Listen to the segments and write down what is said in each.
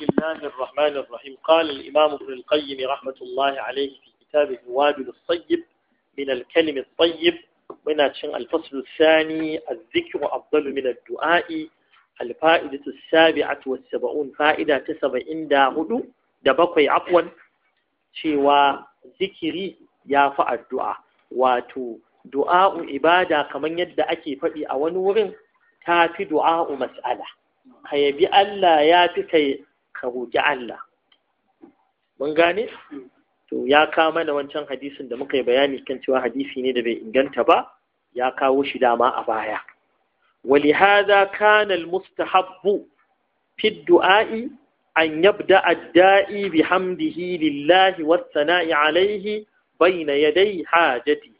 بسم الله الرحمن الرحيم قال الإمام ابن القيم رحمة الله عليه في كتابه الوابل الصيب من الكلم الطيب من الفصل الثاني الذكر أفضل من الدعاء الفائدة السابعة والسبعون فائدة تسبع عند هدو دبقي عفوا شوى ذكري يافع الدعاء واتو دعاء عبادة كمن يدى أكي فدي أو نور تافي دعاء مسألة ka yabi Allah ya fi kai ka roƙi Allah. Mun gane? To ya kama da wancan hadisin da muka yi bayani kan cewa hadisi ne da bai inganta ba, ya kawo shi dama a baya. Wali hada kana almustahabbu fi du'a'i an yabda adda'i bi hamdihi lillahi wassana'i alaihi baina yadai hajatihi.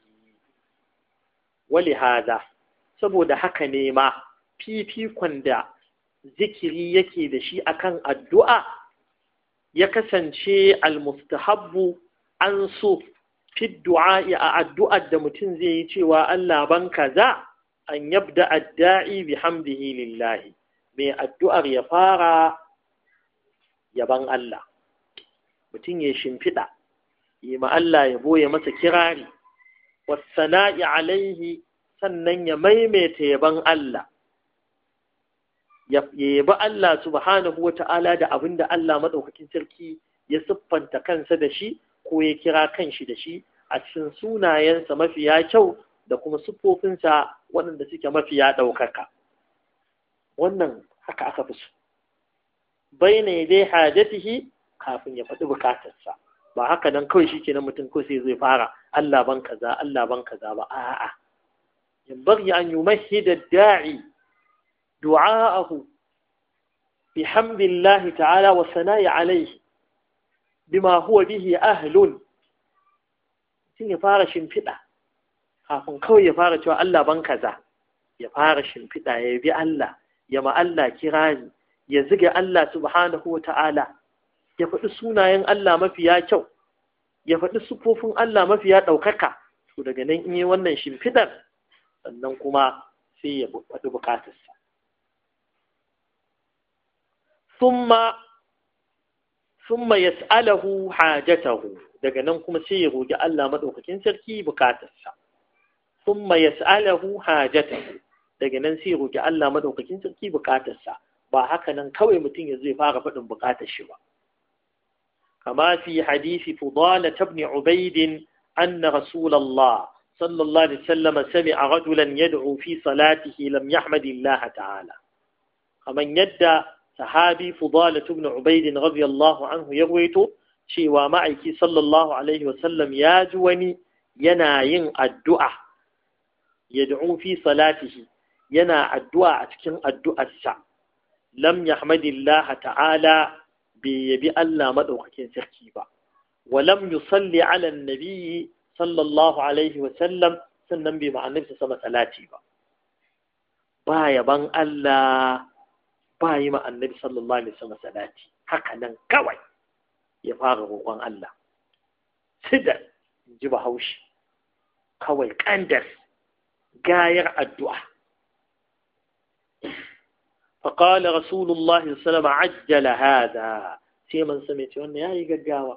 Wali hada saboda haka ne ma fifikon da zikiri yake da shi akan addu'a ya kasance almustahabbu an so fi du'a'i a addu'ar da mutum zai yi cewa Allah ban kaza an yabda adda'i bi hamdihi lillahi mai addu'ar ya fara yaban Allah mutum ya shimfiɗa yi ma Allah ya boye masa kirari wasana'i alaihi sannan ya maimaita yaban Allah ya yabi Allah subhanahu wa ta'ala da abin da Allah maɗaukakin sarki ya siffanta kansa da shi ko ya kira kanshi da shi a cikin sunayensa mafiya kyau da kuma siffofinsa waɗanda suke mafiya ɗaukaka wannan haka aka fi na baina dai hajatihi kafin ya faɗi bukatarsa ba haka nan kawai shi ke nan mutum ko sai zai fara Allah ban kaza Allah ban kaza ba a'a yambaghi an da da'i du'a'ahu بحمد الله تعالى والثناء عليه بما هو به أهل sun ya fara shimfiɗa kafin kawai ya fara cewa Allah ban kaza ya fara shimfiɗa ya bi Allah ya ma Allah kirani, ya ziga Allah subhanahu wa ta'ala ya faɗi sunayen Allah mafiya kyau ya faɗi sufofin Allah mafiya ɗaukaka to daga nan in yi wannan shimfiɗar sannan kuma sai ya faɗi bukatarsa thumma thumma yas'alahu hajatahu daga nan kuma sai ya roki Allah maɗaukakin sarki bukatarsa thumma yas'alahu hajatahu daga nan sai ya roki Allah madaukakin sarki bukatarsa ba haka nan kawai mutum ya zai fara faɗin bukatar shi ba kama fi hadisi fudala tabni ubaidin anna rasulallah sallallahu alaihi wasallam sami'a rajulan yad'u fi salatihi lam yahmadillah ta'ala kaman yadda sahabi Fudala ibn Ubayd radiyallahu anhu ya ruwaito cewa ma'aiki sallallahu alaihi wasallam ya ji wani yana yin addu'a yad'u fi salatihi yana addu'a a cikin addu'arsa lam yahmadillah ta'ala bai yabi Allah madaukakin sarki ba wa lam yusalli ala Nabiyyi sallallahu alaihi wasallam sannan bai ma'annabi sama salati ba ba yaban Allah ba yi ma annabi sallallahu alaihi wasallam salati haka nan kawai ya fara roƙon Allah sidar ji bahaushe kawai kandar gayar addu'a فقال رسول الله صلى الله عليه وسلم عجل هذا سيما سمعت وانا يا يغغاوا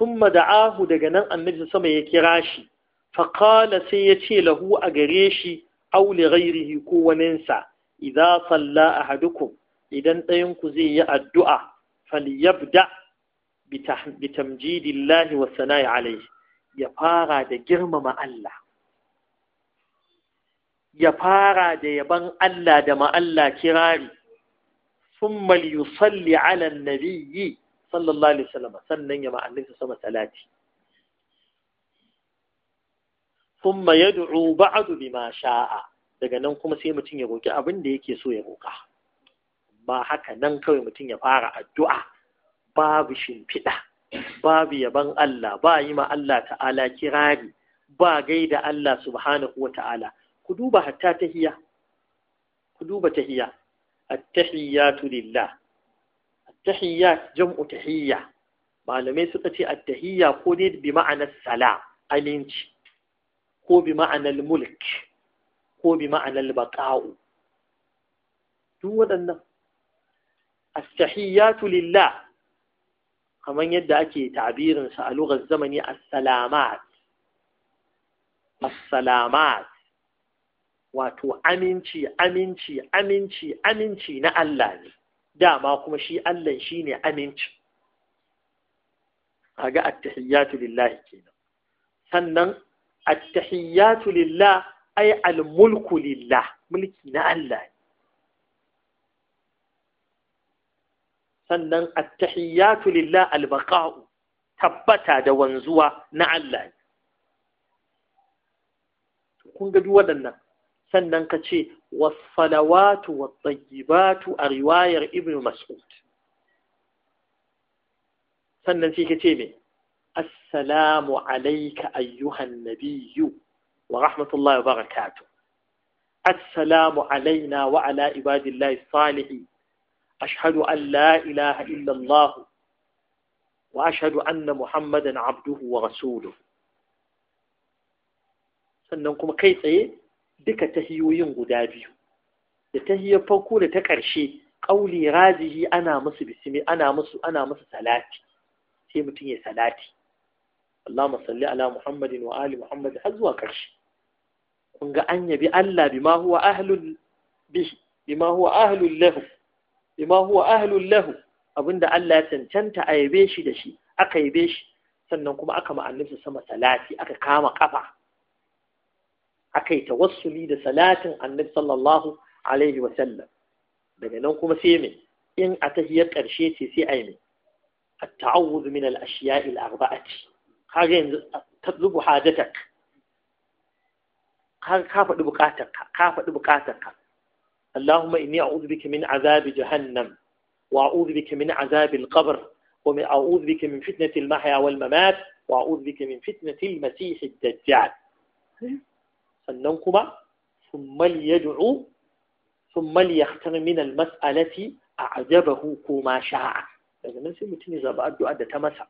ثم دعاه daga nan annabi sama ya kira shi فقال sai ya ce lahu a gare shi aw li ghairihi ko waninsa idza salla ahadukum idan ɗayan zai yi addu'a falyabda bi tamjidillahi wa ya fara da girmama Allah ya fara da yaban Allah da ma'alla kirari ثم ليصلي على النبي صلى الله عليه وسلم سنن يما عليه وسلم ثم يدعو بعد بما شاء daga nan kuma sai mutum ya roƙi abin da yake so ya roƙa ba haka nan kawai mutum ya fara addu'a babu shimfiɗa babu yaban Allah ba yi ma Allah ta'ala kirari ba gaida Allah subhanahu wa ta'ala ku duba hatta tahiyya ku duba tahiyya at-tahiyyatu lillah at tahiyya jam'u tahiyya malamai suka ce at-tahiyya ko dai bi ma'anar sala alinci ko bi ma'anar mulk ko bi ma'anar baƙa'u duk waɗannan astahiyatu lillah kamar yadda ake ta'birinsa a lugar zamani assalamat assalamat wato aminci aminci aminci aminci na Allah ne dama kuma shi Allah shi ne aminci kaga attahiyatu lillahi kenan sannan attahiyatu lillah ai al lillah mulki na Allah sannan attahiyatu lillah al tabbata da wanzuwa na Allah kun ga waɗannan sannan ka ce wasalawatu watsayibatu a riwayar ibn mas'ud sannan sai ka ce ne assalamu alaika ayyuhan nabiyyu ورحمة الله وبركاته السلام علينا وعلى عباد الله الصالحين أشهد أن لا إله إلا الله وأشهد أن محمدا عبده ورسوله sannan kuma kai tsaye duka tahiyoyin guda biyu da tahiyar farko da ta ƙarshe ƙauli rajihi ana musu bismi ana musu ana musu salati sai mutum ya salati Allahumma salli ala Muhammadin wa ali Muhammad har zuwa ƙarshe kun ga an yabi Allah bima huwa ahlul bihi bima huwa ahlul lahu huwa ahlul lahu abinda Allah ya cancanta a yabe shi da shi aka yabe shi sannan kuma aka ma'annisa sama salati aka kama kafa aka yi tawassuli da salatin annabi sallallahu alaihi wa sallam daga nan kuma sai me in a tahiyar karshe ce sai a yi me at-ta'awudh min al-ashiya'i al-arba'ati kaga yanzu tadzubu hajatak كافد بقاتك كافد بقاتك اللهم إني أعوذ بك من عذاب جهنم وأعوذ بك من عذاب القبر ومن أعوذ بك من فتنة المحيا والممات وأعوذ بك من فتنة المسيح الدجال فننكما ثم ليدعو ثم ليختم من المسألة أعجبه كما شاء لذا من سيمتني زباد دعا دتمسا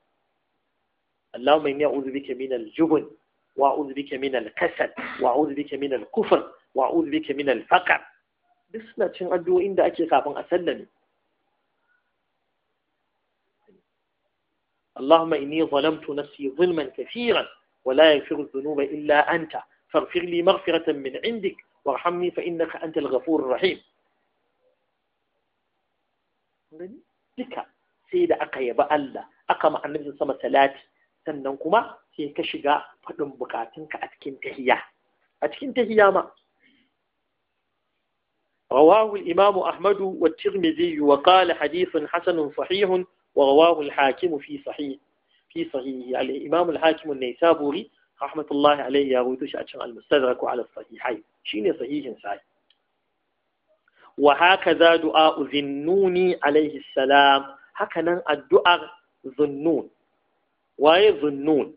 اللهم إني أعوذ بك من الجبن wa'udhu bika min al-kasal wa'udhu bika min al-kufr wa'udhu min duk suna cin addu'o'in da ake kafin a sallame اللهم إني ظلمت نفسي ظلما كثيرا ولا يغفر الذنوب إلا أنت فاغفر لي مغفرة من عندك وارحمني فإنك أنت الغفور الرحيم duka sai da aka yaba Allah aka ma annabi sama salati sannan kuma sai ka shiga faɗin bukatunka a cikin tahiya a cikin tahiya ma رواه الإمام أحمد والترمذي وقال حديث حسن صحيح ورواه الحاكم في صحيح في صحيح الإمام الحاكم النيسابوري رحمة الله عليه يروي شأن المستدرك على الصحيحين شين صحيح صحيح وهكذا دعاء ذنوني عليه السلام هكذا الدعاء ذنون waye zunnun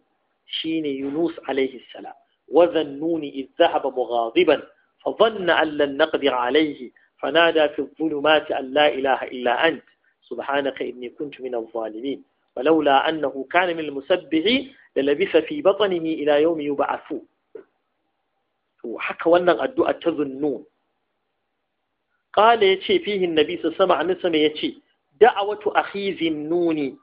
shine yunus alaihi salam wa zannuni idh dhahaba mughadiban fa dhanna an lan naqdir alaihi fanada fi dhulumati an la ilaha illa ant subhanaka inni kuntu min adh-dhalimin ولولا أنه كان من المسبح للبث في بطنه إلى يوم يبعثون Haka wannan addu'a ta zunnun قال yace fihin annabi sallallahu alaihi wasallam yace da'awatu akhi zunnuni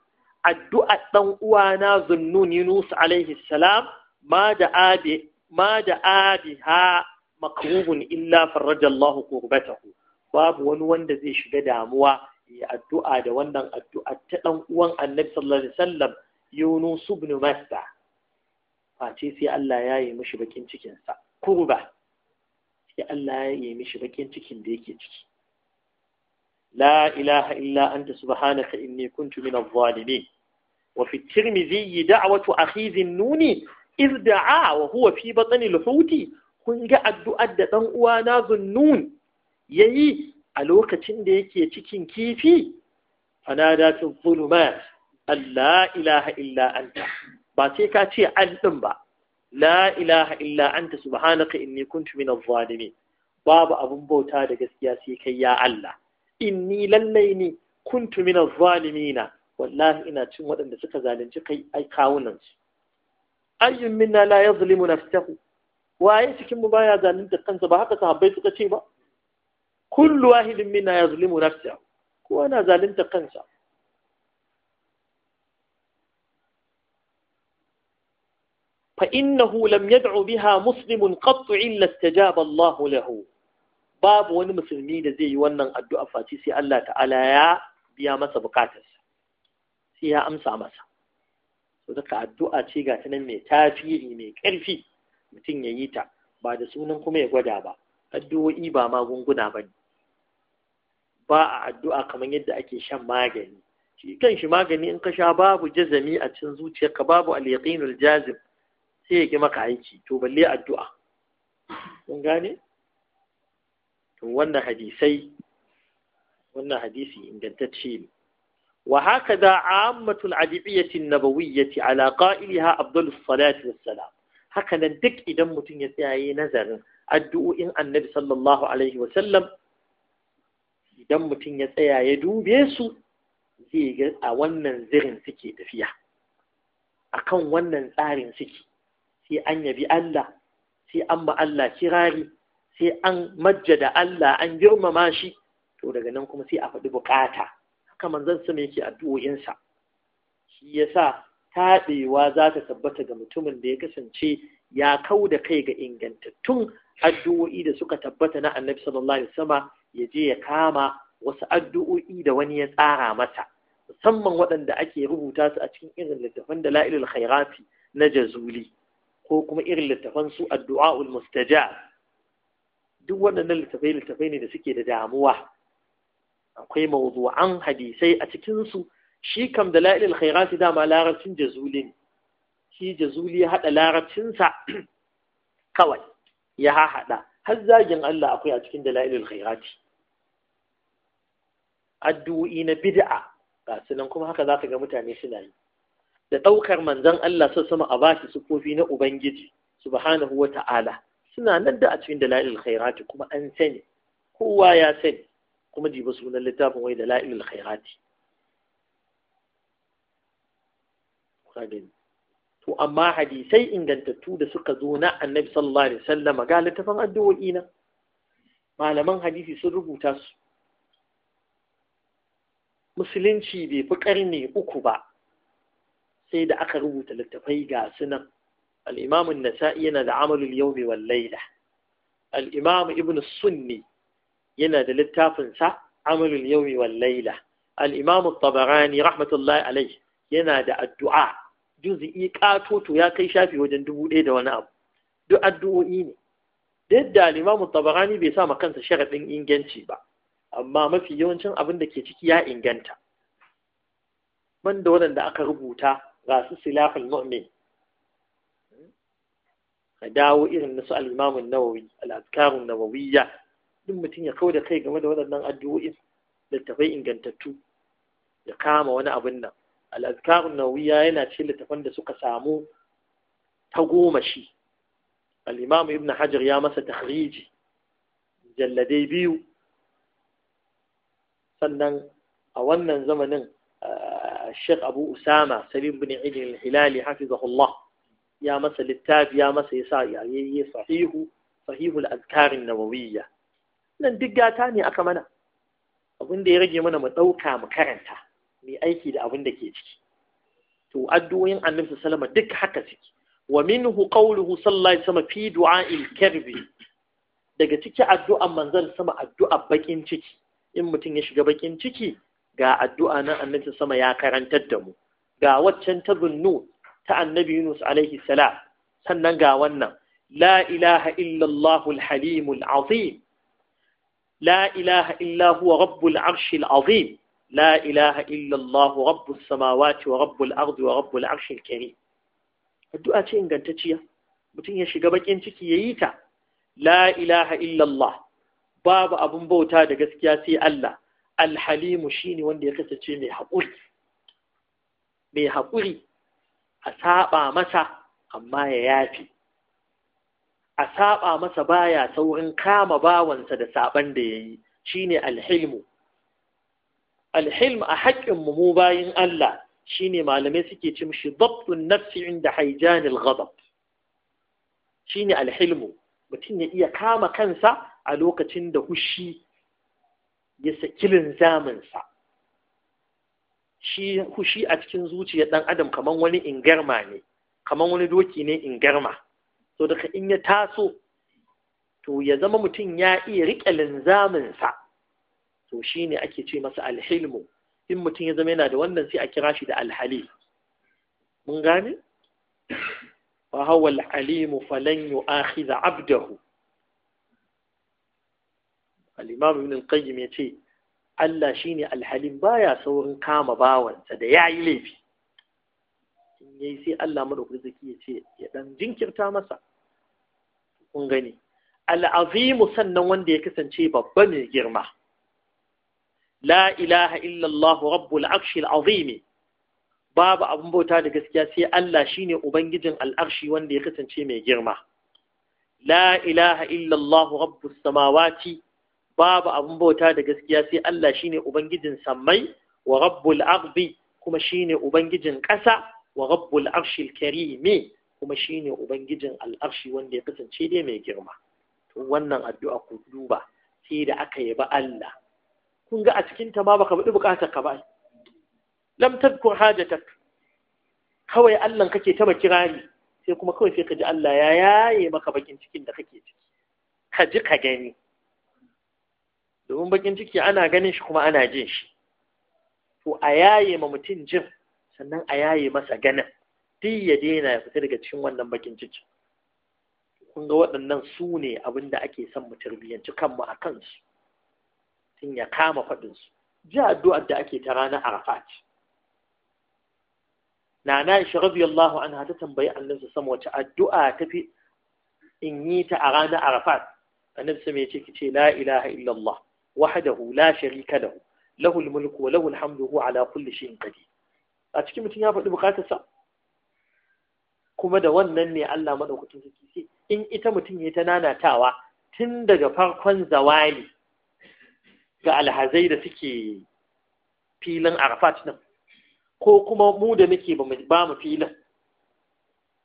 addu'a ɗan uwana zunnun Yunus alaihi salam ma da abi ha makrubun illa farraja Allah babu wani wanda zai shiga damuwa ya addu'a da wannan addu'a ta ɗan uwan Annabi sallallahu alaihi wasallam Yunus ibn masta. face sai Allah ya yi mishi bakin cikinsa. kurba sai Allah ya yi mishi bakin cikin da yake ciki la ilaha illa anta subhanaka inni kuntu minadh-dhalimin وفي الترمذي دعوة أخي ذي النون إذ دعا وهو في بطن الحوت kun ga addu'ar da ɗan uwana zunnun ya yi a lokacin da yake cikin kifi fanada fi zulumat Allah ilaha illa anta ba sai ka ce an ɗin ba la ilaha subhanaka inni kuntu min zalimin babu abun bauta da gaskiya sai kai ya Allah inni lallai ne kuntu zalumi na. wallahi ina cin waɗanda suka zalunci kai ai kawunan su ayyun minna la yazlimu nafsahu waye cikin mu baya zalunta kansa ba haka sahabbai suka ce ba kullu wahidin minna yazlimu nafsahu kowa na zalunta kansa فإنه لم يدع بها مسلم قط إلا استجاب الله له باب وني مسلمي da zai yi wannan addu'a face sai Allah ta'ala ya biya masa bukatarsa sai ya amsa masa to daga addu'a ce ga ta nan mai tafiri mai ƙarfi mutum ya yi ta ba da sunan kuma ya gwada ba addu'o'i ba magunguna ba ne ba a addu'a kamar yadda ake shan magani shi kan shi magani in ka sha babu jazami a cikin ka babu al-yaqinul jazib sai ya ki maka aiki to balle addu'a kun gane to wannan hadisai wannan hadisi ingantacce ne وهكذا عامة العجبية النبوية على قائلها أفضل Haka nan duk idan إذا ya يتعي nazarin addu'o'in annabi sallallahu Alaihi idan mutum ya tsaya ya dube su zai ga a wannan zirin suke tafiya a kan wannan tsarin suke sai an yabi Allah sai an Allah kirari sai an majjada Allah an girmama shi to daga nan kuma sai a faɗi buƙata. haka manzon sama yake addu'o'insa shi yasa taɗewa za ta tabbata ga mutumin da ya kasance ya kau da kai ga ingantattun addu'o'i da suka tabbata na annabi sallallahu alaihi wasallam ya je ya kama wasu addu'o'i da wani ya tsara masa musamman waɗanda ake rubuta su a cikin irin littafan da la'ilul khairati na jazuli ko kuma irin littafan su addu'a'ul mustajab duk waɗannan littafai littafai ne da suke da damuwa akwai mawdu'an hadisai a cikinsu su shi kam da la'ilil khairati dama larabcin jazuli ne shi jazuli ya haɗa larabcinsa kawai ya haɗa har zagin Allah akwai a cikin dala'ilul khairati addu'o'i na bid'a ga sunan kuma haka zaka ga mutane suna yi da ɗaukar manzon Allah sai sama a bashi sufofi na ubangiji subhanahu wata'ala suna nan da a cikin dala'ilul khairati kuma an sani kowa ya sani kuma jiba sunan littafin wai da la'ilul khairati to amma hadisai ingantattu da suka zo na annabi sallallahu alaihi wasallam ga littafin addu'o'i na malaman hadisi sun rubuta su musulunci bai fi ƙarni uku ba sai da aka rubuta littafai ga sunan al-imam nasai yana da amalul yawmi wal layla al ibn sunni yana da littafin sa amalul yawmi wal layla al-imam at-tabarani rahmatullahi alayhi yana da addu'a juz'i katoto ya kai shafi wajen dubu ɗaya da wani abu duk addu'o'i ne duk da al-imam at-tabarani bai sa ma kansa sharadin inganci ba amma mafi yawancin abin da ke ciki ya inganta man da waɗanda aka rubuta ga su silafin mu'min Ka dawo irin nasu al'imamun nawawi al'adkarun nawawiyya duk mutun ya kawo da kai game da waɗannan addu'o'in littafai ingantattu ya kama wani abin nan al-azkarun nawiya yana ce littafan da suka samu ta goma shi al-imam ibn hajar ya masa tahriji jalladai biyu sannan a wannan zamanin shek abu usama salim bin idin hilali hafizahullah ya masa littafi ya masa ya sa yayi sahihu sahihu al'azkarun nawiya nan duk gata ne aka mana abin da ya rage mana mu ɗauka mu karanta mai aiki da abin da ke ciki to addu'o'in annabi sallama duk haka suke wa minhu qawluhu sallallahu sama fi du'a'il karbi daga ciki addu'an manzon sama addu'a bakin ciki in mutum ya shiga bakin ciki ga addu'a nan annabi sama ya karantar da mu ga waccan ta zunnu ta annabi Yunus alaihi salam sannan ga wannan la ilaha illallah halimul azim la ilaha illa huwa rabbul arshil azim la ilaha illa Allah rabbus samawati wa rabbul ardi wa rabbul arshil karim addu'a ce ingantacciya mutum ya shiga baƙin ciki yayi ta la ilaha illa Allah babu abun bauta da gaskiya sai Allah alhalimu ne wanda ya kasance mai haƙuri a saba masa amma ya yafi a saba masa baya saurin kama bawansa da saban da ya yi shine alhilmu Alhilmu a hakkin mu bayin Allah ne malamai suke cin shi dabtun nafsi inda haijanil Shi ne alhilmu mutum ya iya kama kansa a lokacin da hushi ya saki linzaminsa shi hushi a cikin zuciyar ɗan adam kamar wani ingarma ne kamar wani doki ne ingarma so daga in ya taso to ya zama mutum ya iya riƙe linzaminsa to shi ne ake ce masa alhilmu in mutum ya zama yana da wannan sai a kira shi da alhali mun gane fa hawa alhalimu falan yu'akhidha abdahu al-imam ibn al-qayyim yace Allah shine alhalim baya saurin kama bawansa da yayi laifi yayi sai Allah madaukakin zaki ya ce ya dan jinkirta masa kun gani al'azimu sannan wanda ya kasance babba mai girma la ilaha illallah rabbul arshi al'azimi babu abin bauta da gaskiya sai Allah shine ubangijin al'arshi wanda ya kasance mai girma la ilaha illallah rabbus samawati babu abun bauta da gaskiya sai Allah shine ubangijin sammai wa rabbul ardi kuma shine ubangijin ƙasa wa rabbul arshil karimi kuma shine ubangijin al'arshi wanda ya kasance dai mai girma wannan addu'a ku duba sai da aka yaba Allah kun ga a cikin ta ma baka budi bukatar ka ba lam tadkur hajatak kawai Allah kake ta kirari sai kuma kawai sai ka ji Allah ya yaye maka bakin cikin da kake ciki ka ji ka gani domin bakin ciki ana ganin shi kuma ana jin shi to a yaye ma mutum jin sannan a yaye masa ganin duk ya daina ya fita daga cikin wannan bakin ciki kun ga waɗannan su ne abin da ake son mu tarbiyyanci kanmu a kansu tun ya kama faɗinsu ji addu'ar da ake ta ranar arafat nana isha radiyallahu an ta tambayi annabi sama wace addu'a ta fi in yi ta a ranar arafat annabi sama ya ce ki ce la ilaha illallah wahadahu, la sharika lahu lahu mulku wa lahu alhamdu huwa ala kulli shiin qadir a cikin mutum ya faɗi bukatarsa kuma da wannan ne Allah maɗaukacin sarki sai in ita mutum ya ta nanatawa tun daga farkon zawali ga alhazai da suke filin arafat nan ko kuma mu da muke ba mu filin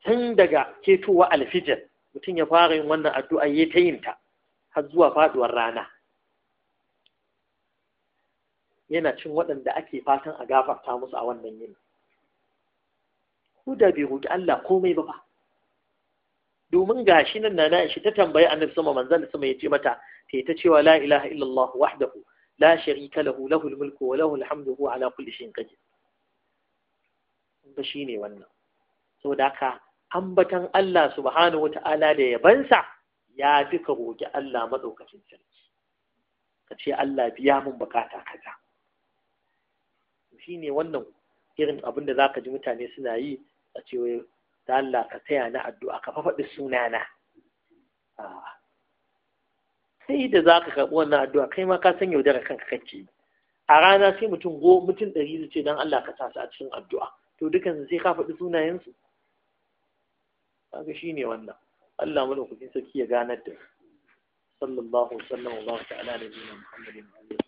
tun daga ketowa alfijir mutum ya fara yin wannan addu'a ya ta yin ta har zuwa faduwar rana yana cin waɗanda ake fatan a gafarta musu a wannan yini ko da bai roƙi Allah komai ba ba domin shi nan na shi ta tambayi annabi sama manzon sama ya ce mata ta ta cewa la ilaha illallah wahdahu la sharika lahu lahul mulku wa lahul hamdu huwa ala kulli shay'in qadir ba shine wannan saboda haka ambatan Allah subhanahu wata'ala da yabansa ya fi ka roƙi Allah madaukakin sarki ka ce Allah biya mun bukata kaza shine wannan irin abin da zaka ji mutane suna yi a cewa da Allah ka taya na addu'a ka faɗi sunana sai da za ka karɓi wannan addu'a kai ma ka san yaudara kanka kake a rana sai mutum go mutum ɗari ce don Allah ka sa su a cikin addu'a to dukan sai ka faɗi sunayensu kaga shi ne wannan Allah malaukakin sarki ya ganar da sallallahu alaihi wa sallam wa baraka ala nabiyina Muhammadin